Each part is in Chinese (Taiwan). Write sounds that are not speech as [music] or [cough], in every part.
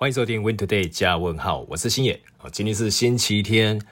歡迎收聽《We to day》加問號，我是星野。今天是星期天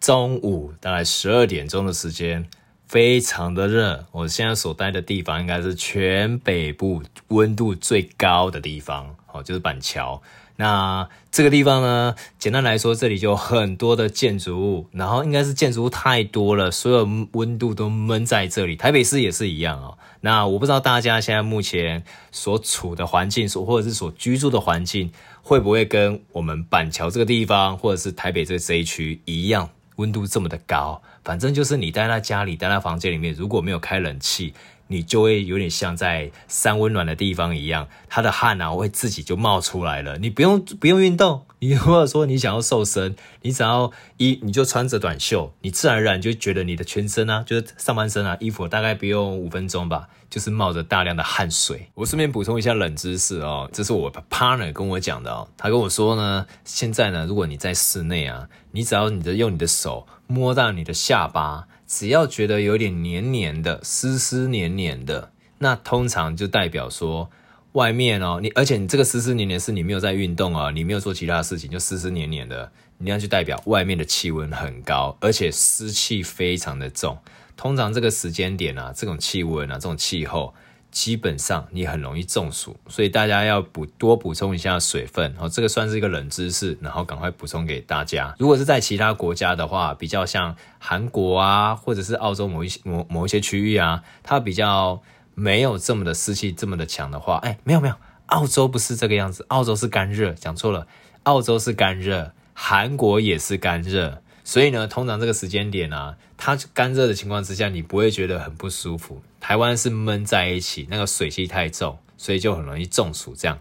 中午，大概十二點鐘的時間，非常的熱。我現在所待的地方應該是全北部溫度最高的地方，哦，就是板橋。那這個地方呢，簡單來說，這裡就很多的建築物，然後應該是建築物太多了，所有溫度都悶在這裡。台北市也是一樣哦。那我不知道大家現在目前所處的環境，所或者是所居住的環境。會不會跟我們板橋這個地方，或者是台北這個 C 區一樣，溫度這麼的高？反正就是你待在家裡，待在房間裡面，如果沒有開冷氣，你就會有點像在三溫暖的地方一樣，它的汗啊會自己就冒出來了。你不用不用運動，你或者說你想要瘦身，你只要一，你就穿着短袖，你自然而然就覺得你的全身啊，就是上半身啊，衣服大概不用五分鐘吧。就是冒着大量的汗水。我順便補充一下冷知識哦，這是我 partner 跟我講的哦。他跟我說呢，現在呢，如果你在室內啊，你只要你的用你的手摸到你的下巴，只要覺得有點黏黏的、濕濕黏黏的，那通常就代表說外面哦，你而且你這個濕濕黏黏是你沒有在運動哦、啊，你沒有做其他事情就濕濕黏黏的，你要去代表外面的氣溫很高，而且濕氣非常的重。通常這個時間點啊，這種氣溫啊，這種氣候，基本上你很容易中暑，所以大家要補多補充一下水分。然後這個算是一個冷知識，然後趕快補充給大家。如果是在其他國家的話，比較像韓國啊，或者是澳洲某一些某某一些區域啊，它比較沒有這麼的濕氣這麼的強的話，哎，沒有沒有，澳洲不是這個樣子，澳洲是乾熱，講錯了，澳洲是乾熱，韓國也是乾熱。所以呢，通常這個時間點啊，它乾熱的情況之下，你不會覺得很不舒服。台灣是悶在一起，那個水氣太重，所以就很容易中暑。這樣，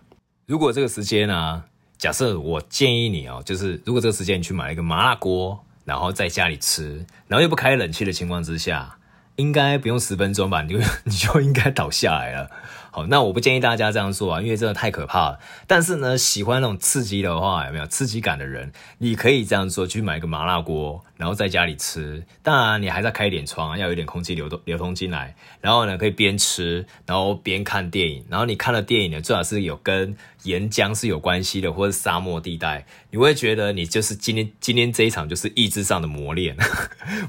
如果這個時間呢、啊，假設我建議你哦，就是如果這個時間你去買一個麻辣鍋，然後在家裡吃，然後又不開冷氣的情況之下，應該不用十分鐘吧，你就你就應該倒下來了。好，那我不建議大家這樣做啊，因為真的太可怕了。但是呢，喜歡那種刺激的話，有沒有刺激感的人，你可以這樣做，去買一個麻辣鍋，然後在家裡吃。當然，你還在開一點窗，要有點空氣流動流通進來。然後呢，可以邊吃，然後邊看電影。然後你看了電影呢，最好是有跟。岩漿是有關係的，或者沙漠地帶，你會覺得你就是今天今天這一場就是意志上的磨練，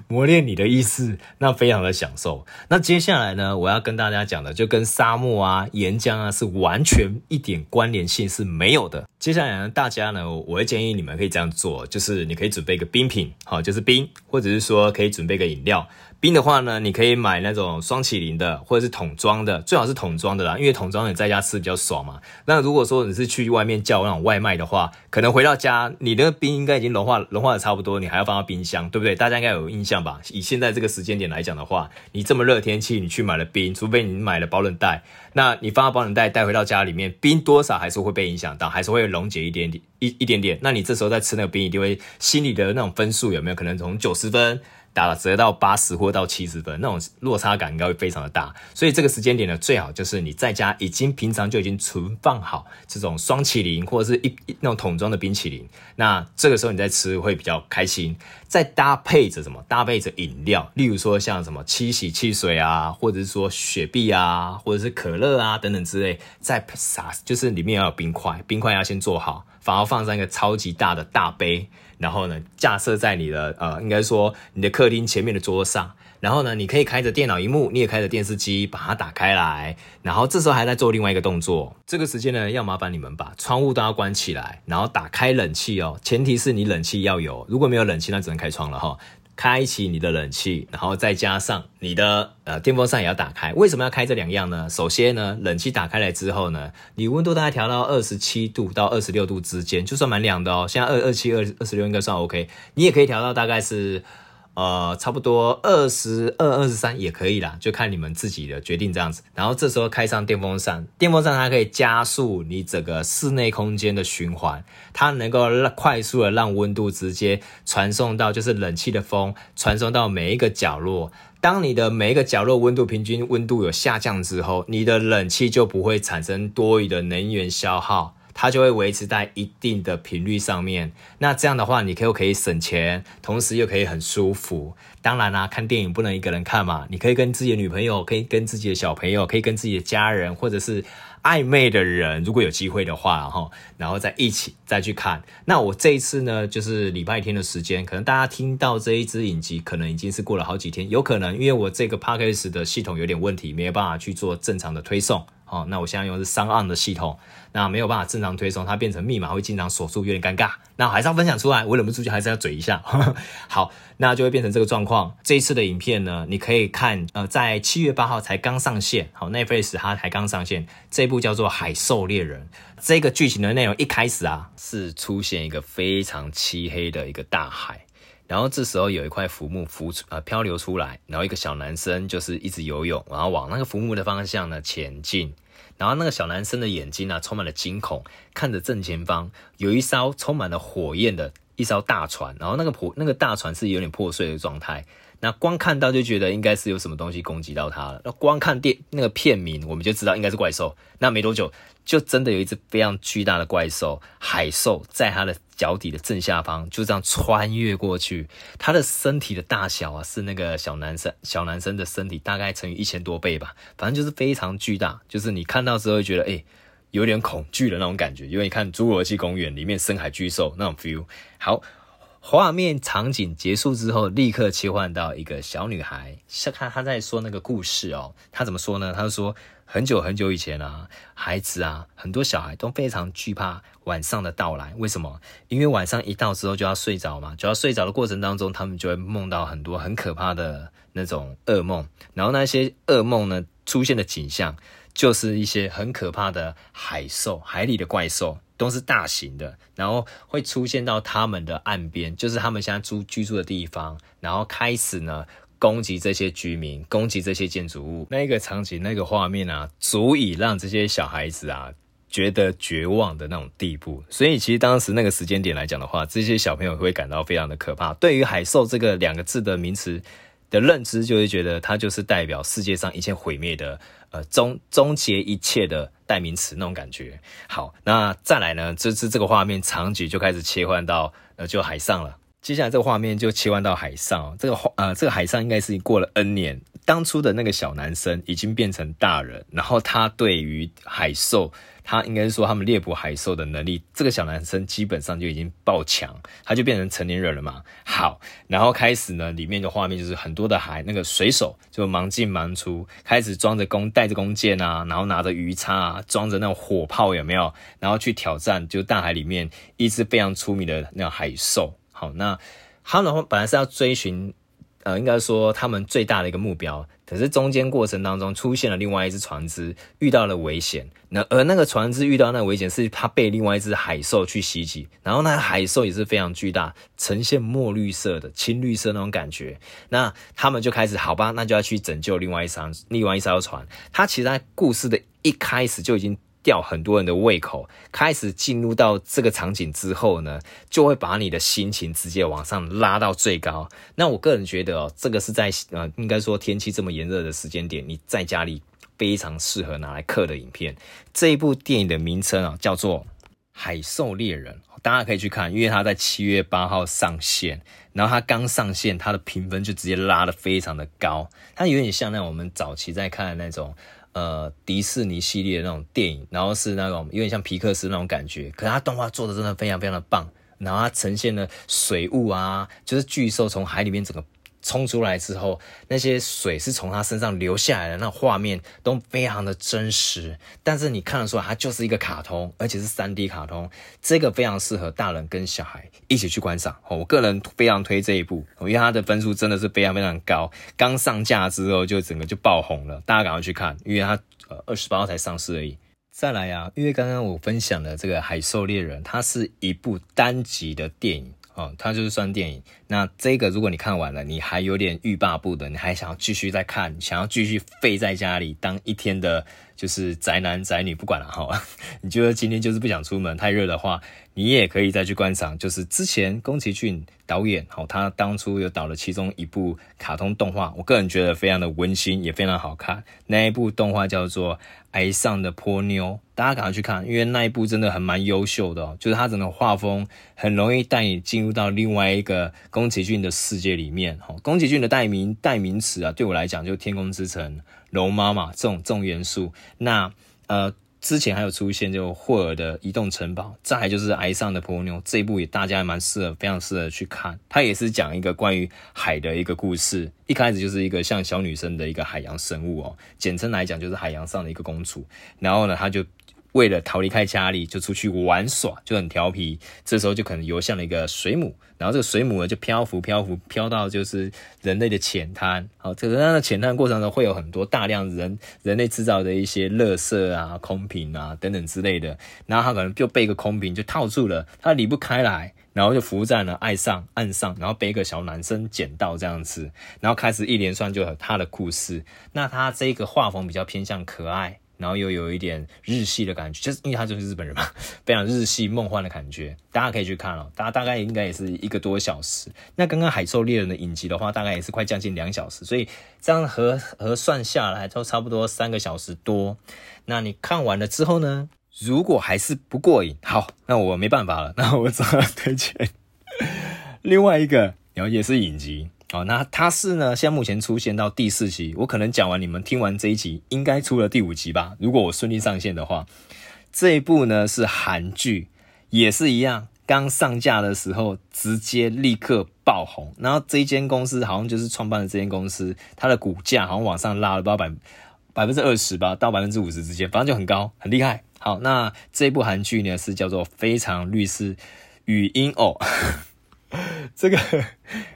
磨練你的意志，那非常的享受。那接下來呢，我要跟大家講的就跟沙漠啊、岩漿啊是完全一點關聯性是沒有的。接下來呢，大家呢，我會建議你們可以這樣做，就是你可以準備一個冰品，好，就是冰，或者是說可以準備個飲料。冰的話呢，你可以買那種雙淇淋的，或者是桶裝的，最好是桶裝的啦，因為桶裝你在家吃比較爽嘛。那如果說或者是去外面叫那種外賣的話，可能回到家，你那個冰應該已經融化，融化得差不多，你還要放到冰箱，對不對？大家應該有印象吧？以現在這個時間點來講的話，你這麼熱的天氣，你去買了冰，除非你買了保冷袋，那你放到保冷袋帶，帶回到家裡面，冰多少還是會被影響到，還是會溶解一點點一一,一點點。那你這時候再吃那個冰，一定會心裡的那種分數有沒有可能從九十分，打了折到八十或到七十分，那種落差感應該會非常的大。所以這個時間點呢，最好就是你在家已經平常就已經存放好這種雙淇淋，或者是一,一那種桶裝的冰淇淋。那這個時候你再吃會比較開心。再搭配着什麼？搭配着飲料，例如說像什麼七喜汽水啊，或者是說雪碧啊，或者是可樂啊等等之類，再撒就是裡面要有冰塊，冰塊要先做好，反而放上一個超級大的大杯，然後呢架設在你的呃，應該說你的客廳前面的桌上。然後呢，你可以開着電腦螢幕，你也開着電視機，把它打開來。然後這時候還在做另外一個動作，這個時間呢，要麻煩你們把窗戶都要關起來，然後打開冷氣哦。前提是你冷氣要有，如果沒有冷氣，那只能開窗了哈、哦。開啟你的冷氣，然後再加上你的呃電風扇也要打開。為什麼要開這兩樣呢？首先呢，冷氣打開來之後呢，你溫度大概調到二十七度到二十六度之間，就算蠻涼的哦。現在二二七二二十六應該算 OK，你也可以調到大概是。呃，差不多二十二、二十三也可以啦，就看你們自己的決定這樣子。然後這時候開上電風扇，電風扇它可以加速你整個室內空間的循環，它能夠讓快速的讓溫度直接傳送到，就是冷氣的風傳送到每一個角落。當你的每一個角落溫度平均溫度有下降之後，你的冷氣就不會產生多餘的能源消耗。它就會維持在一定的頻率上面，那這樣的話，你可以又可以省錢，同時又可以很舒服。當然啦，啊，看電影不能一個人看嘛，你可以跟自己的女朋友，可以跟自己的小朋友，可以跟自己的家人，或者是曖昧的人，如果有機會的話，哈，然後再一起再去看。那我這一次呢，就是禮拜天的時間，可能大家聽到這一支影集，可能已經是過了好幾天，有可能因為我這個 podcast 的系統有點問題，沒有辦法去做正常的推送。好、哦，那我現在用的是三 n 的系統，那沒有辦法正常推送，它變成密碼會經常鎖住，有點尷尬。那還是要分享出來，我忍不住就還是要嘴一下。 [laughs] 好，那就會變成這個狀況。這一次的影片呢，你可以看，呃，在七月八號才剛上線，好、哦，奈飛它才剛上線，這部叫做《海獸獵人》這個劇情的內容，一開始啊是出現一個非常漆黑的一個大海。然後這時候有一塊浮木浮出啊、呃、漂流出來，然後一個小男生就是一直游泳，然後往那個浮木的方向呢前進。然後那個小男生的眼睛呢、啊、充滿了驚恐，看着正前方有一艘充滿了火焰的一艘大船，然後那個破那個大船是有點破碎的狀態。那光看到就覺得應該是有什麼東西攻擊到他了。那光看電那個片名，我們就知道應該是怪獸。那沒多久，就真的有一隻非常巨大的怪獸海獸，在他的腳底的正下方就這樣穿越過去。他的身體的大小啊，是那個小男生小男生的身體大概乘以一千多倍吧，反正就是非常巨大。就是你看到之後覺得誒，欸，有點恐懼的那種感覺，因為你看侏羅紀公園裡面深海巨獸那種 feel。好。畫面場景結束之後，立刻切換到一個小女孩，是她她在說那個故事哦。她怎麼說呢？她說：“很久很久以前啊，孩子啊，很多小孩都非常懼怕晚上的到來。為什麼？因為晚上一到之後就要睡着嘛。就要睡着的過程當中，他們就會夢到很多很可怕的那種噩夢。然後那些噩夢呢，出現的景象就是一些很可怕的海獸，海裡的怪獸。”都是大型的，然後會出現到他們的岸邊，就是他們現在住居住的地方，然後開始呢攻擊這些居民，攻擊這些建築物。那一個場景，那個畫面啊，足以讓這些小孩子啊覺得絕望的那種地步。所以，其實當時那個時間點來講的話，這些小朋友會感到非常的可怕。對於“海獸”這個兩個字的名詞的認知，就會、是、覺得它就是代表世界上一切毀滅的。呃，終終結一切的代名詞那種感覺。好，那再來呢？這次這個畫面場景，就開始切換到呃，就海上了。接下來這個畫面就切換到海上，哦，這個呃，這個海上應該是過了 N 年，當初的那個小男生已經變成大人，然後他對於海獸。他應該是說，他們獵捕海獸的能力，這個小男生基本上就已經爆強，他就變成成年人了嘛。好，然後開始呢，裡面的畫面就是很多的海，那個水手就忙進忙出，開始裝着弓，帶着弓箭啊，然後拿着魚叉啊，裝着那種火炮有沒有？然後去挑戰，就大海裡面一隻非常出名的那種海獸。好，那他的話本來是要追尋，呃，應該說他們最大的一個目標。可是中間過程當中出現了另外一隻船隻遇到了危險，那而那個船隻遇到那危險是他被另外一隻海獸去襲擊，然後那個海獸也是非常巨大，呈現墨綠色的青綠色那種感覺，那他們就開始好吧，那就要去拯救另外一艘另外一艘船，他其實在故事的一開始就已經。吊很多人的胃口，開始進入到這個場景之後呢，就會把你的心情直接往上拉到最高。那我個人覺得哦，這個是在呃，應該說天氣這麼炎熱的時間點，你在家裡非常適合拿來看的影片。這一部電影的名稱啊，叫做《海獸獵人》，大家可以去看，因為它在七月八號上線，然後它剛上線，它的評分就直接拉得非常的高。它有點像那種我們早期在看的那種。呃，迪士尼系列的那種電影，然後是那種有點像皮克斯那種感覺，可它動畫做的真的非常非常的棒，然後它呈現的水霧啊，就是巨獸從海裡面整個。衝出來之後，那些水是從他身上流下來的，那個畫面都非常的真實。但是你看得出來，它就是一個卡通，而且是三 D 卡通。這個非常適合大人跟小孩一起去觀賞。我個人非常推這一部，因為它的分數真的是非常非常高。剛上架之後就整個就爆紅了，大家趕快去看，因為它呃二十八號才上市而已。再來啊，因為剛剛我分享的這個《海獸獵人》，它是一部單集的電影啊，它就是算電影。那這個如果你看完了，你還有點慾罷不能，你還想要繼續再看，想要繼續廢在家裡當一天的，就是宅男宅女不管了哈。你覺得今天就是不想出門太熱的話，你也可以再去觀賞。就是之前宮崎駿導演好，他當初有導了其中一部卡通動畫，我個人覺得非常的溫馨，也非常好看。那一部動畫叫做《愛上的波妞》，大家趕快去看，因為那一部真的很蠻優秀的。就是他整個畫風很容易帶你進入到另外一個。宮崎駿的世界裡面，宮崎駿的代名代名詞啊，對我來講就《天空之城》、《龍媽媽》這種這種元素。那呃，之前還有出現就霍爾的《移動城堡》，再就是《崖上的波妞》這一部也大家蠻適合，非常適合去看。它也是講一個關於海的一個故事，一開始就是一個像小女生的一個海洋生物哦，簡稱來講就是海洋上的一個公主。然後呢，她就。為了逃離開家裡，就出去玩耍，就很調皮。這時候就可能游向了一個水母，然後這個水母呢就漂浮漂浮漂到就是人類的淺灘。好，這個它的淺灘過程中會有很多大量人人類製造的一些垃圾啊、空瓶啊等等之類的。然後他可能就被一個空瓶就套住了，他離不開來，然後就浮在了岸上。岸上然後被一個小男生撿到這樣子，然後開始一連串就有他的故事。那他這個畫風比較偏向可愛。然後又有一點日系的感覺，就是因為他就是日本人嘛，非常日系夢幻的感覺，大家可以去看哦，大家大概應該也是一個多小時。那剛剛《海獸獵人》的影集的話，大概也是快將近兩小時，所以這樣合合算下來，都差不多三個小時多。那你看完了之後呢，如果還是不過癮，好，那我沒辦法了，那我只好推薦另外一個，然後也是影集。好，那它是呢？現在目前出現到第四集，我可能講完，你們聽完這一集，應該出了第五集吧？如果我順利上線的話，這一部呢是韓劇，也是一樣，剛上架的時候直接立刻爆紅。然後這間公司好像就是創辦的這間公司，它的股價好像往上拉了不，到百百分之二十吧，到百分之五十之間，反正就很高，很厲害。好，那這一部韓劇呢是叫做《非常律師禹英禑》哦。 [laughs] 這個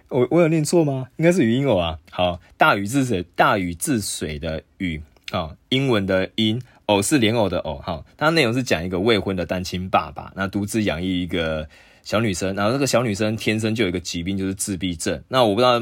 我我有念錯嗎？應該是語音哦。啊。好，大禹治水，大禹治水的禹啊、哦，英文的音哦是蓮藕的藕。哈。它內容是講一個未婚的單親爸爸，那獨自養育一個小女生，然後這個小女生天生就有一個疾病，就是自閉症。那我不知道，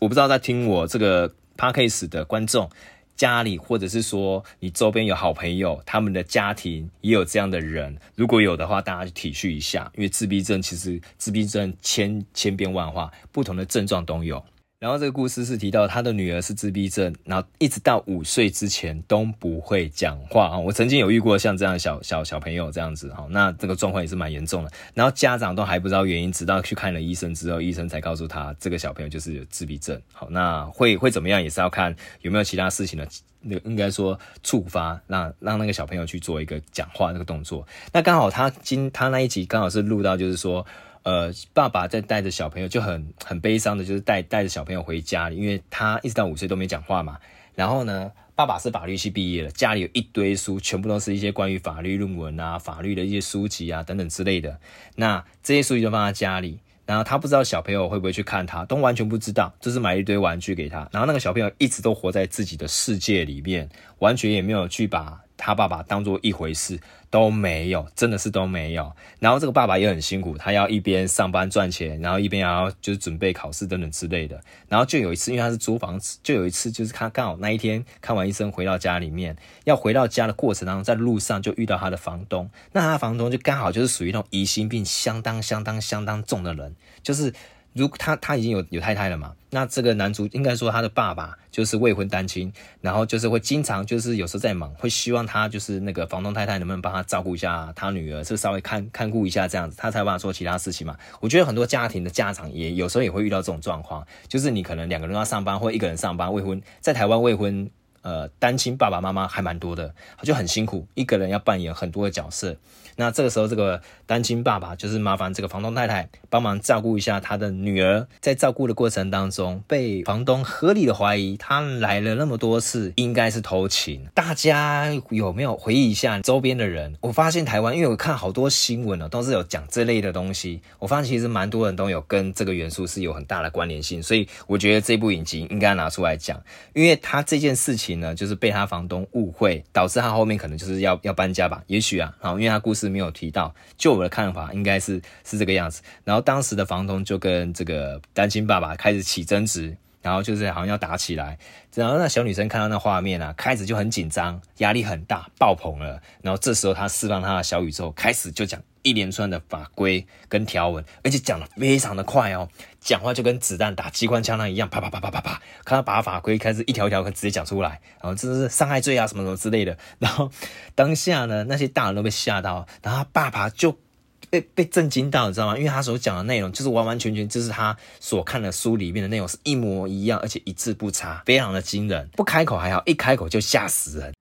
我不知道在聽我這個 Podcast 的觀眾。家裡，或者是說你周邊有好朋友，他們的家庭也有這樣的人，如果有的話，大家去體恤一下，因為自閉症其實自閉症千千變萬化，不同的症狀都有。然後這個故事是提到他的女兒是自閉症，然後一直到五歲之前都不會講話。我曾經有遇過像這樣小小小朋友這樣子，那這個狀況也是蠻嚴重的。然後家長都還不知道原因，直到去看了醫生之後，醫生才告訴他這個小朋友就是有自閉症。好，那會會怎麼樣也是要看有沒有其他事情的，那應該說觸發，讓讓那個小朋友去做一個講話那個動作。那剛好他今他那一集剛好是錄到，就是說。呃，爸爸在帶着小朋友就很很悲傷的，就是帶帶着小朋友回家裡，因為他一直到五歲都沒講話嘛。然後呢，爸爸是法律系畢業的，家裡有一堆書，全部都是一些關於法律論文啊、法律的一些書籍啊等等之類的。那這些書籍就放在家裡，然後他不知道小朋友會不會去看他，都完全不知道。就是買一堆玩具給他，然後那個小朋友一直都活在自己的世界裡面，完全也沒有去把。他爸爸當做一回事都沒有，真的是都沒有。然後這個爸爸也很辛苦，他要一邊上班賺錢，然後一邊要就是準備考試等等之類的。然後就有一次，因為他是租房子，就有一次就是他剛好那一天看完醫生回到家裡面，要回到家的過程當中，在路上就遇到他的房東。那他的房東就剛好就是屬於那種疑心病相當相當相當重的人，就是。如果他他已經有有太太了嘛。那這個男主應該說，他的爸爸就是未婚單親，然後就是會經常就是有時候在忙，會希望他就是那個房東太太能不能幫他照顧一下他女兒，是稍微看看顧一下這樣子，他才會幫他做其他事情嘛。我覺得很多家庭的家長也有時候也會遇到這種狀況，就是你可能兩個人要上班，或一個人上班，未婚在台灣未婚呃單親爸爸媽媽還蠻多的，就很辛苦，一個人要扮演很多的角色。那這個時候，這個單親爸爸就是麻煩這個房東太太幫忙照顧一下他的女兒。在照顧的過程當中，被房東合理的懷疑他來了那麼多次，應該是偷情。大家有沒有回憶一下周邊的人？我發現台灣，因為我看好多新聞呢，都是有講這類的東西。我發現其實蠻多人都有跟這個元素是有很大的關聯性，所以我覺得這部影集應該拿出來講，因為他這件事情呢，就是被他房東誤會，導致他後面可能就是要要搬家吧？也許啊，好，因為他故事。是沒有提到，就我的看法，應該是是這個樣子。然後當時的房東就跟這個單親爸爸開始起爭執。然後就是好像要打起來，然後那小女生看到那畫面啊，開始就很緊張，壓力很大，爆棚了。然後這時候她釋放她的小宇宙，開始就講一連串的法規跟條文，而且講得非常的快哦，講話就跟子彈打機關槍那一樣，啪啪啪啪啪啪。看到把法規開始一條一條直接講出來，然後這就是傷害罪啊什麼什麼之類的。然後當下呢，那些大人都被嚇到，然後他爸爸就。被被震驚到，你知道嗎？因為他所講的內容，就是完完全全就是他所看的書裡面的內容是一模一樣，而且一字不差，非常的驚人。不開口還好，一開口就嚇死人。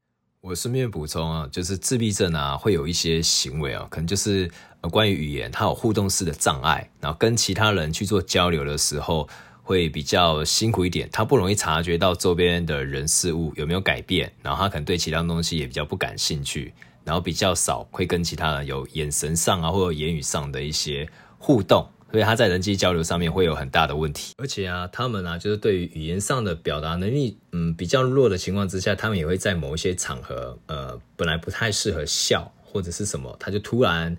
我順便補充啊，就是自閉症啊，會有一些行為啊，可能就是呃，關於語言，它有互動式的障礙，然後跟其他人去做交流的時候。會比較辛苦一點，他不容易察覺到周邊的人事物有沒有改變，然後他可能對其他東西也比較不感興趣，然後比較少會跟其他人有眼神上啊或者言語上的一些互動，所以他在人際交流上面會有很大的問題。而且啊，他們啊就是對於語言上的表達能力，嗯，比較弱的情況之下，他們也會在某一些場合，呃，本來不太適合笑或者是什麼，他就突然。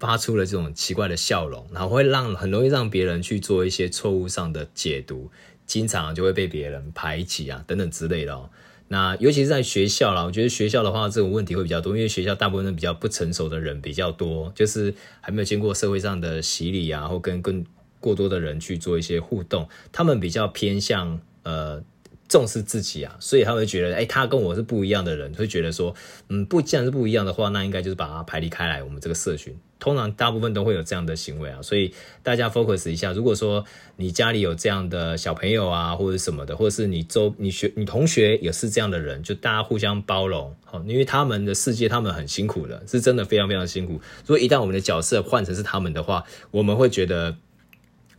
發出了這種奇怪的笑容，然後會讓很容易讓別人去做一些錯誤上的解讀，經常就會被別人排擠啊等等之類的哦。那尤其是在學校啦，我覺得學校的話，這種問題會比較多，因為學校大部分比較不成熟的人比較多，就是還沒有經過社會上的洗禮啊，或跟跟過多的人去做一些互動，他們比較偏向呃。重視自己啊，所以他會覺得，哎、欸，他跟我是不一樣的人，會覺得說，嗯，不，既然是不一樣的話，那應該就是把他排離開來。我們這個社群通常大部分都會有這樣的行為啊，所以大家 focus 一下。如果說你家裡有這樣的小朋友啊，或者什麼的，或者是你周、你學、你同學也是這樣的人，就大家互相包容，好，因為他們的世界他們很辛苦的，是真的非常非常辛苦。如果一旦我們的角色換成是他們的話，我們會覺得。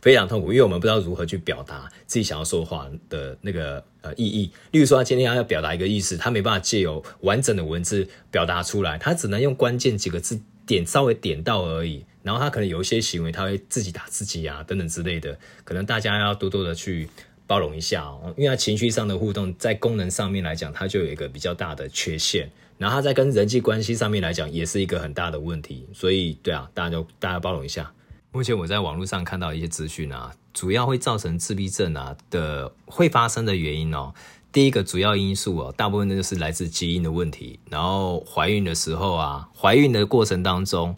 非常痛苦，因為我們不知道如何去表達自己想要說話的那個呃意義。例如說，他今天要表達一個意思，他沒辦法借由完整的文字表達出來，他只能用關鍵幾個字點稍微點到而已。然後他可能有一些行為，他會自己打自己啊等等之類的，可能大家要多多的去包容一下哦，因為他情緒上的互動在功能上面來講，他就有一個比較大的缺陷。然後他在跟人際關係上面來講，也是一個很大的問題。所以，對啊，大家就大家包容一下。目前我在網絡上看到一些資訊啊，主要會造成自閉症啊的會發生的原因哦、喔。第一個主要因素啊，大部分就是來自基因的問題。然後懷孕的時候啊，懷孕的過程當中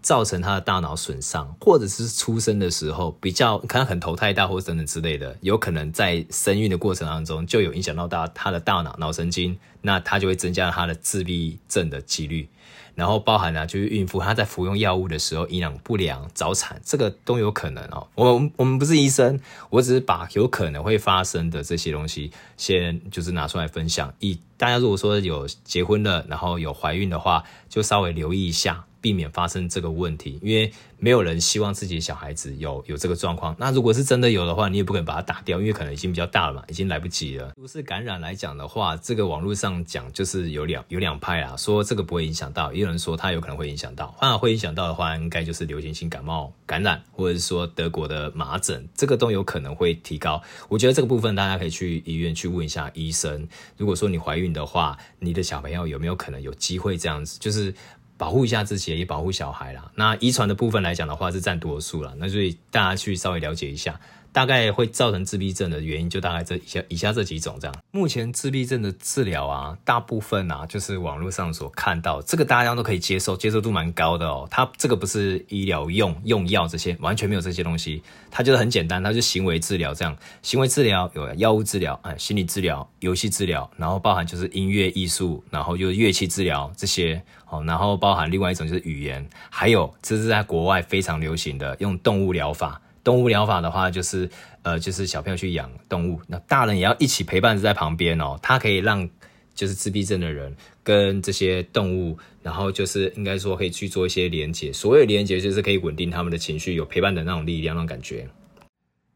造成他的大腦損傷，或者是出生的時候比較可能很頭太大或者等等之類的，有可能在生育的過程當中就有影響到他的大腦腦神經，那他就會增加他的自閉症的幾率。然後包含了、啊、就是孕婦她在服用藥物的時候，營養不良、早產，這個都有可能哦。我我們不是醫生，我只是把有可能會發生的這些東西先就是拿出來分享，以大家如果說有結婚了然後有懷孕的話，就稍微留意一下。避免發生這個問題，因為沒有人希望自己的小孩子有有這個狀況。那如果是真的有的話，你也不可能把它打掉，因為可能已經比較大了嘛，已經來不及了。如果是感染來講的話，這個網絡上講就是有兩有兩派啊，說這個不會影響到，也有人說它有可能會影響到。那會影響到的話，應該就是流行性感冒感染，或者是說德國的麻疹，這個都有可能會提高。我覺得這個部分大家可以去醫院去問一下醫生。如果說你懷孕的話，你的小朋友有沒有可能有機會這樣子，就是。保護一下自己，也保護小孩啦。那遺傳的部分來講的話，是占多數啦。那所以大家去稍微了解一下，大概會造成自閉症的原因，就大概這以下以下這幾種這樣。目前自閉症的治療啊，大部分啊，就是網絡上所看到這個，大家都可以接受，接受度蠻高的哦。它這個不是醫療用用藥這些，完全沒有這些東西。它就是很簡單，它就行為治療這樣。行為治療有藥物治療，心理治療，遊戲治療，然後包含就是音樂藝術，然後就是樂器治療這些。哦，然後包含另外一種就是語言，還有這是在國外非常流行的用動物療法。動物療法的話，就是呃，就是小朋友去養動物，那大人也要一起陪伴在旁邊哦。他可以讓就是自閉症的人跟這些動物，然後就是應該說可以去做一些連接，所謂連接就是可以穩定他們的情緒，有陪伴的那種力量、那種感覺。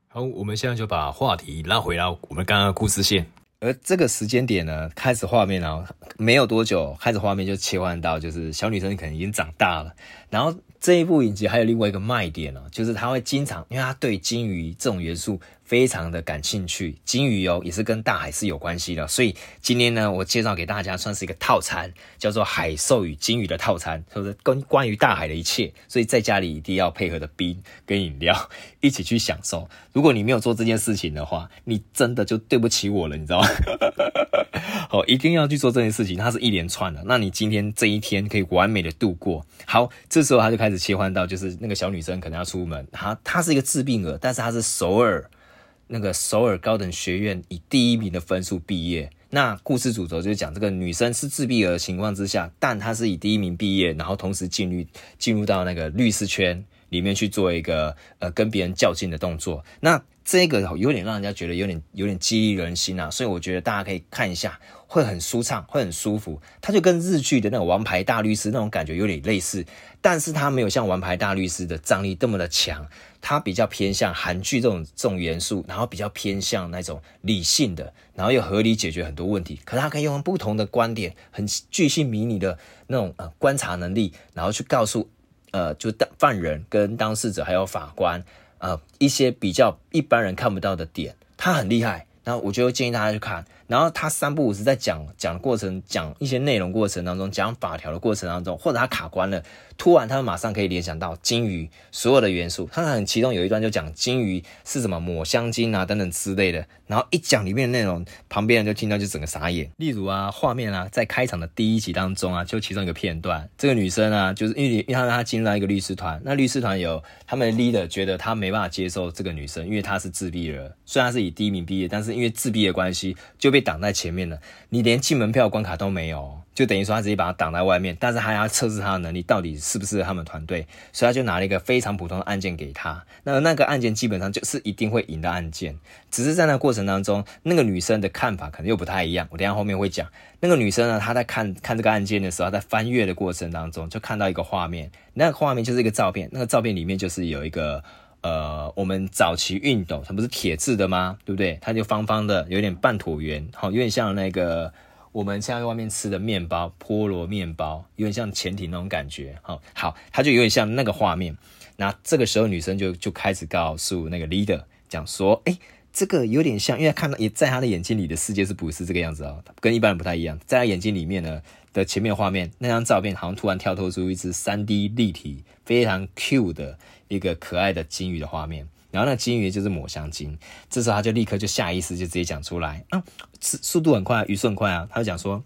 好，我們現在就把話題拉回到我們剛剛的故事線。而這個時間點呢，開始畫面然後，沒有多久，開始畫面就切換到就是小女生可能已經長大了。然後這一部影集還有另外一個賣點呢，就是他會經常，因為他對鯨魚這種元素。非常的感興趣，金魚油、哦、也是跟大海是有關係的，所以今天呢，我介紹給大家算是一個套餐，叫做海獸與金魚的套餐，是不是跟關於大海的一切，所以在家裡一定要配合的冰跟飲料一起去享受。如果你沒有做這件事情的話，你真的就對不起我了，你知道嗎？ [laughs] 好，一定要去做這件事情，它是一連串的，那你今天這一天可以完美的度過。好，這時候他就開始切換到就是那個小女生可能要出門，好，她是一個治病鵝，但是她是首爾。那個首爾高等學院以第一名的分數畢業，那故事主軸就是講這個女生是自閉兒的情況之下，但她是以第一名畢業，然後同時進入進入到那個律師圈。裡面去做一個呃跟別人較勁的動作，那這個有點讓人家覺得有點有點激勵人心啊，所以我覺得大家可以看一下，會很舒暢，會很舒服。他就跟日劇的那種《王牌大律師》那種感覺有點類似，但是他沒有像《王牌大律師》的張力這麼的強，他比較偏向韓劇這種這種元素，然後比較偏向那種理性的，然後又合理解決很多問題。可是他可以用不同的觀點，很巨細靡遺的那種呃觀察能力，然後去告訴。呃，就當犯人跟當事者還有法官，呃，一些比較一般人看不到的點，他很厲害，那我就建議大家去看。然後他三不五時在講講的過程，講一些內容過程當中，講法條的過程當中，或者他卡關了，突然他們馬上可以聯想到金魚所有的元素。他很其中有一段就講金魚是什麼抹香鯨啊等等之類的。然後一講裡面的內容，旁邊人就聽到就整個傻眼。例如啊，畫面啊，在開場的第一集當中啊，就其中一個片段，這個女生啊，就是因為她讓她進入了一個律師團，那律師團有他們的 leader 覺得她沒辦法接受這個女生，因為她是自閉人，雖然她是以第一名畢業，但是因為自閉的關係就被。擋在前面了，你連進門票關卡都沒有，就等於說他直接把他擋在外面。但是他要測試他的能力到底適不適合他們團隊，所以他就拿了一個非常普通的案件給他。那那個案件基本上就是一定會贏的案件，只是在那過程當中，那個女生的看法可能又不太一樣。我等下後面會講，那個女生呢，她在看看這個案件的時候，她在翻閱的過程當中，就看到一個畫面，那個畫面就是一個照片，那個照片裡面就是有一個。呃，我們早期熨斗，它不是鐵製的嗎？對不對？它就方方的，有點半橢圓，好、哦，有點像那個我們現在外面吃的麵包，菠蘿麵包，有點像潛艇那種感覺，好、哦，好，它就有點像那個畫面。那這個時候女生就就開始告訴那個 leader 講說，哎、欸，這個有點像，因為看到也在她的眼睛裡的世界是不是這個樣子啊、哦？跟一般人不太一樣，在她眼睛裡面呢的前面畫面那張照片，好像突然跳脫出一隻三 D 立體非常 Q 的。一個可愛的鯨魚的畫面，然後那鯨魚就是抹香鯨。這時候他就立刻就下意識就直接講出來，啊，速度很快，語速很快啊。他就講說，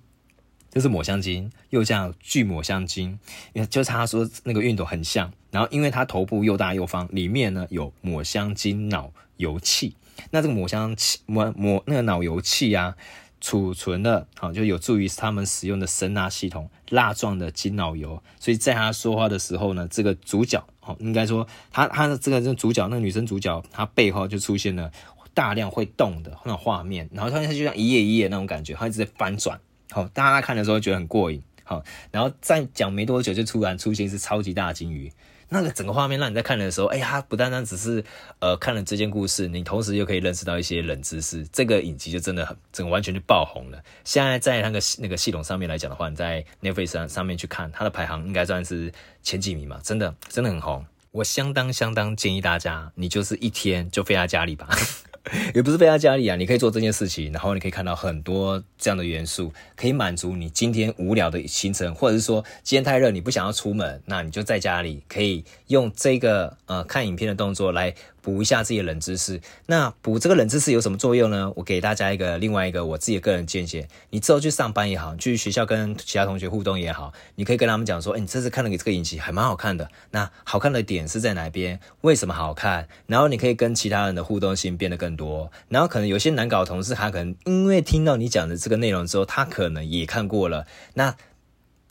這是抹香鯨，又叫巨抹香鯨，因為就是他說那個熨斗很像。然後因為他頭部又大又方，裡面呢有抹香鯨腦油器。那這個抹香器抹抹那個腦油器啊，儲存了好，就有助於他們使用的聲呐系統蠟狀的鯨腦油。所以在他說話的時候呢，這個主角。應該說他他的這個這個主角那個女生主角，她背後就出現了大量會動的那種畫面，然後它它就像一頁一頁那種感覺，他一直在翻轉。好，大家看的時候覺得很過癮。好，然後再講沒多久就突然出現一隻超級大金魚。那個整個畫面讓你在看的時候，哎呀，他不單單只是呃看了這件故事，你同時又可以認識到一些冷知識，這個影集就真的很，整個完全就爆紅了。現在在那個那個系統上面來講的話，你在 Netflix 上上面去看，它的排行應該算是前幾名嘛，真的真的很紅。我相當相當建議大家，你就是一天就飛他家裡吧。 [laughs] 也不是在家裡啊，你可以做這件事情，然後你可以看到很多這樣的元素，可以滿足你今天無聊的行程，或者是說今天太熱你不想要出門，那你就在家裡可以用這個呃看影片的動作來。補一下自己的冷知識，那補這個冷知識有什麼作用呢？我給大家一個另外一個我自己的個人見解，你之後去上班也好，去學校跟其他同學互動也好，你可以跟他們講說，哎、欸，你這次看了你這個影集還蠻好看的，那好看的點是在哪邊？為什麼好看？然後你可以跟其他人的互動性變得更多，然後可能有些難搞的同事，他可能因為聽到你講的這個內容之後，他可能也看過了，那。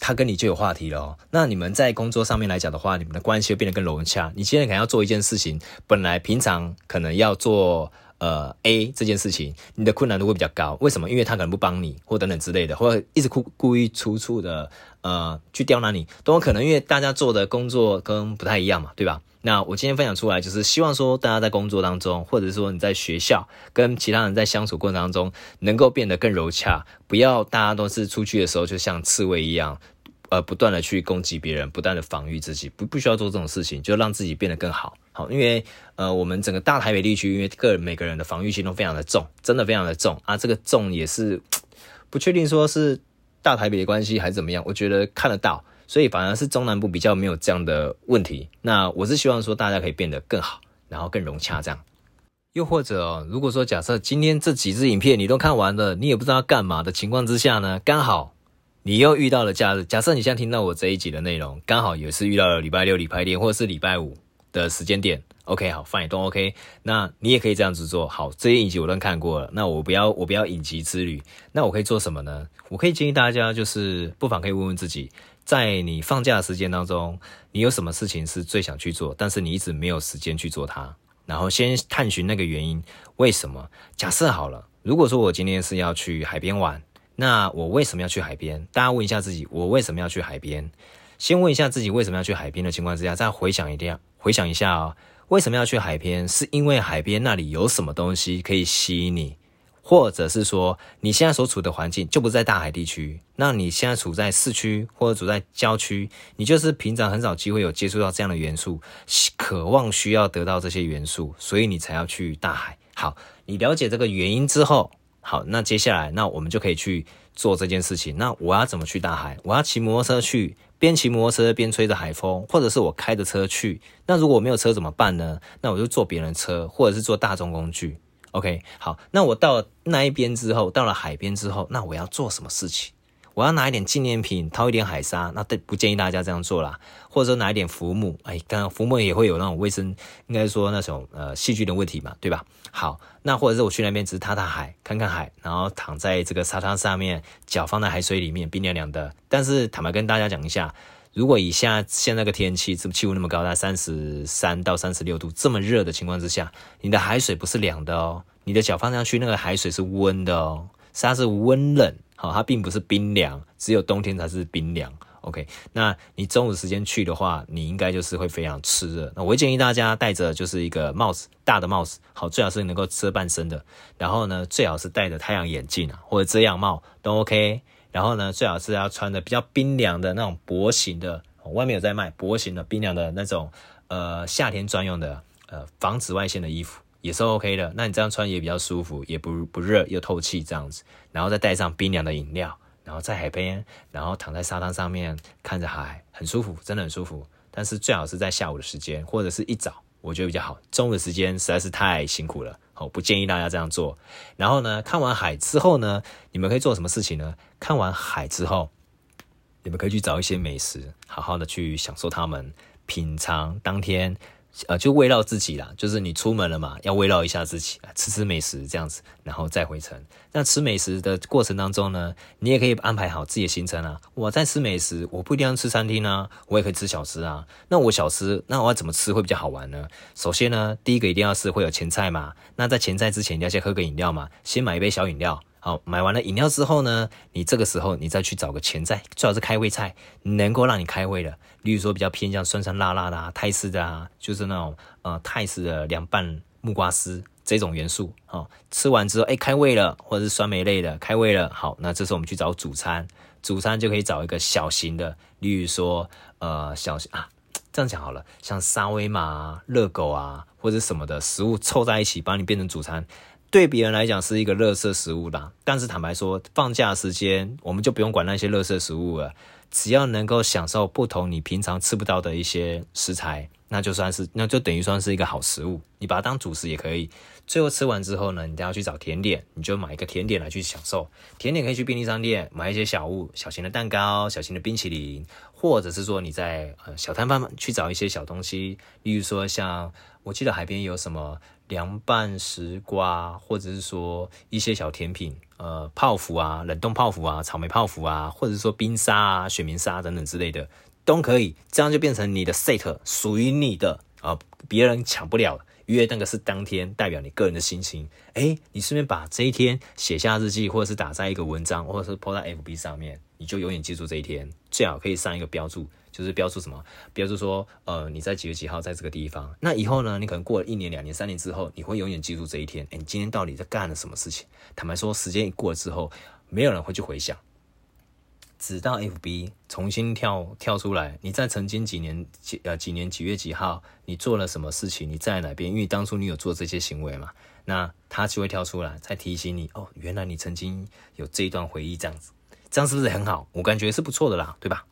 他跟你就有話題了哦。那你們在工作上面來講的話，你們的關係會變得更融洽。你今天可能要做一件事情，本來平常可能要做呃 A 這件事情，你的困難度會比較高。為什麼？因為他可能不幫你，或等等之類的，或者一直故故意處處的呃去刁難你。都有可能因為大家做的工作跟不太一樣嘛，對吧？那我今天分享出來，就是希望說大家在工作當中，或者說你在學校跟其他人在相處過程當中，能夠變得更融洽，不要大家都是出去的時候就像刺蝟一樣。呃，不斷的去攻擊別人，不斷的防禦自己，不不需要做這種事情，就讓自己變得更好。好，因為呃，我們整個大台北地區，因為個每個人的防禦心都非常的重，真的非常的重啊。這個重也是不確定說是大台北的關係還是怎麼樣，我覺得看得到。所以反而是中南部比較沒有這樣的問題。那我是希望說大家可以變得更好，然後更融洽這樣。又或者、哦，如果說假設今天這幾支影片你都看完了，你也不知道幹嘛的情況之下呢，剛好。你又遇到了假日，假設你現在聽到我這一集的內容，剛好也是遇到了禮拜六、禮拜天或者是禮拜五的時間點，OK，好，Fine，都 OK。那你也可以這樣子做。好，這些影集我都看過了，那我不要，我不要影集之旅。那我可以做什麼呢？我可以建議大家，就是不妨可以問問自己，在你放假的時間當中，你有什麼事情是最想去做，但是你一直沒有時間去做它，然後先探尋那個原因，為什麼？假設好了，如果說我今天是要去海邊玩。那我為什麼要去海邊？大家問一下自己，我為什麼要去海邊？先問一下自己為什麼要去海邊的情況之下，再回想一下，回想一下哦，為什麼要去海邊？是因為海邊那裡有什麼東西可以吸引你，或者是說你現在所處的環境就不在大海地區？那你現在處在市區或者處在郊區，你就是平常很少機會有接觸到這樣的元素，渴望需要得到這些元素，所以你才要去大海。好，你了解這個原因之後。好，那接下來，那我們就可以去做這件事情。那我要怎麼去大海？我要騎摩托車去，邊騎摩托車邊吹着海風，或者是我開着車去。那如果我沒有車怎麼辦呢？那我就坐別人車，或者是坐大眾工具。OK，好，那我到那一邊之後，到了海邊之後，那我要做什麼事情？我要拿一點紀念品，掏一點海沙，那對，不建議大家這樣做啦。或者說拿一點浮木，哎，當然浮木也會有那種衛生，應該說那種呃細菌的問題嘛，對吧？好，那或者是我去那邊只是踏踏海，看看海，然後躺在這個沙灘上面，腳放在海水裡面，冰涼涼的。但是坦白跟大家講一下，如果以下現在那個天氣，這氣溫那麼高，它三十三到三十六度，這麼熱的情況之下，你的海水不是涼的哦，你的腳放上去，那個海水是溫的哦，沙是溫冷。好，它並不是冰涼，只有冬天才是冰涼。OK，那你中午時間去的話，你應該就是會非常熾熱。那我建議大家戴着就是一個帽子，大的帽子，好，最好是能夠遮半身的。然後呢，最好是戴着太陽眼鏡啊，或者遮陽帽都 OK。然後呢，最好是要穿的比較冰涼的那種薄型的，外面有在賣薄型的冰涼的那種，呃，夏天專用的，呃，防紫外線的衣服。也是 OK 的，那你這樣穿也比較舒服，也不不熱又透氣這樣子，然後再帶上冰涼的飲料，然後在海邊，然後躺在沙灘上面看着海，很舒服，真的很舒服。但是最好是在下午的時間或者是一早，我覺得比較好。中午的時間實在是太辛苦了，好，不建議大家這樣做。然後呢，看完海之後呢，你們可以做什麼事情呢？看完海之後，你們可以去找一些美食，好好的去享受它們，品嘗當天。呃，就慰勞自己啦，就是你出門了嘛，要慰勞一下自己，吃吃美食這樣子，然後再回程。那吃美食的過程當中呢，你也可以安排好自己的行程啊。我在吃美食，我不一定要吃餐廳啊，我也可以吃小吃啊。那我小吃，那我要怎麼吃會比較好玩呢？首先呢，第一個一定要是會有前菜嘛。那在前菜之前，你要先喝個飲料嘛，先買一杯小飲料。好，買完了飲料之後呢，你這個時候你再去找個前菜，最好是開胃菜，能夠讓你開胃的，例如說比較偏向酸酸辣辣的、啊、泰式的啊，就是那種呃泰式的涼拌木瓜絲這種元素。好，吃完之後哎、欸、開胃了，或者是酸梅類的開胃了，好，那這時候我們去找主餐，主餐就可以找一個小型的，例如說呃小型啊這樣講好了，像沙威瑪、熱狗啊或者什麼的食物湊在一起，把你變成主餐。對別人來講是一個垃圾食物啦，但是坦白說，放假時間我們就不用管那些垃圾食物了。只要能夠享受不同你平常吃不到的一些食材，那就算是那就等於算是一個好食物。你把它當主食也可以。最後吃完之後呢，你就要去找甜點，你就買一個甜點來去享受。甜點可以去便利商店買一些小物、小型的蛋糕、小型的冰淇淋，或者是說你在、呃、小攤販去找一些小東西，例如說像我記得海邊有什麼。涼拌時瓜，或者是說一些小甜品，呃，泡芙啊，冷凍泡芙啊，草莓泡芙啊，或者是說冰沙啊，雪泥沙等等之類的都可以，這樣就變成你的 set，屬於你的啊，別、呃、人搶不了。因為那個是當天代表你個人的心情，誒、欸，你順便把這一天寫下日記，或者是打在一個文章，或者是拋在 FB 上面，你就永遠記住這一天，最好可以上一個標注。就是標出什麼，標出說，呃，你在幾月幾號在這個地方？那以後呢？你可能過了一年、兩年、三年之後，你會永遠記住這一天。哎、欸，你今天到底在幹了什麼事情？坦白說，時間一過了之後，沒有人會去回想。直到 FB 重新跳跳出來，你在曾經幾年幾呃幾年幾月幾號，你做了什麼事情？你在哪邊？因為當初你有做這些行為嘛，那他就會跳出來再提醒你。哦，原來你曾經有這一段回憶，這樣子，這樣是不是很好？我感覺是不錯的啦，對吧？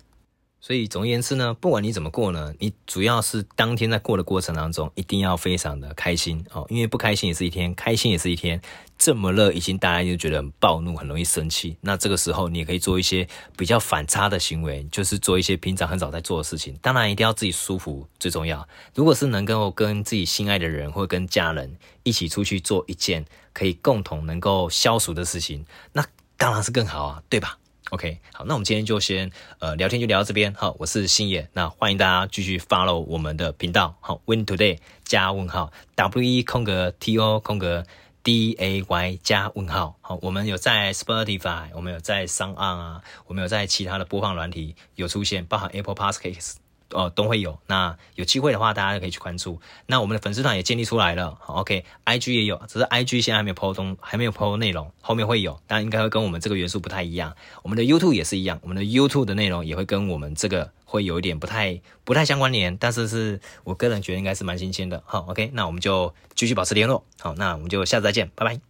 所以總而言之呢，不管你怎麼過呢，你主要是當天在過的過程當中，一定要非常的開心哦，因為不開心也是一天，開心也是一天。這麼熱，已經大家就覺得很暴怒，很容易生氣。那這個時候，你也可以做一些比較反差的行為，就是做一些平常很少在做的事情。當然，一定要自己舒服最重要。如果是能夠跟自己心愛的人或跟家人一起出去做一件可以共同能夠消暑的事情，那當然是更好啊，對吧？OK，好，那我們今天就先呃聊天就聊到這邊好、哦，我是星野，那歡迎大家繼續 follow 我們的頻道。好、哦，We to day 加問號 W E 空格 T O 空格 D A Y 加問號。好、哦，我們有在 Spotify，我們有在 SoundOn 啊，我們有在其他的播放軟體有出現，包含 Apple Podcasts。哦，都會有。那有機會的話，大家可以去關注。那我們的粉絲團也建立出來了，好，OK。IG 也有，只是 IG 現在還沒有 po 東，還沒有 po 內容，後面會有。但應該會跟我們這個元素不太一樣。我們的 YouTube 也是一樣，我們的 YouTube 的內容也會跟我們這個會有一點不太不太相關聯，但是是我個人覺得應該是蠻新鮮的。好，OK。那我們就繼續保持聯絡。好，那我們就下次再見，拜拜。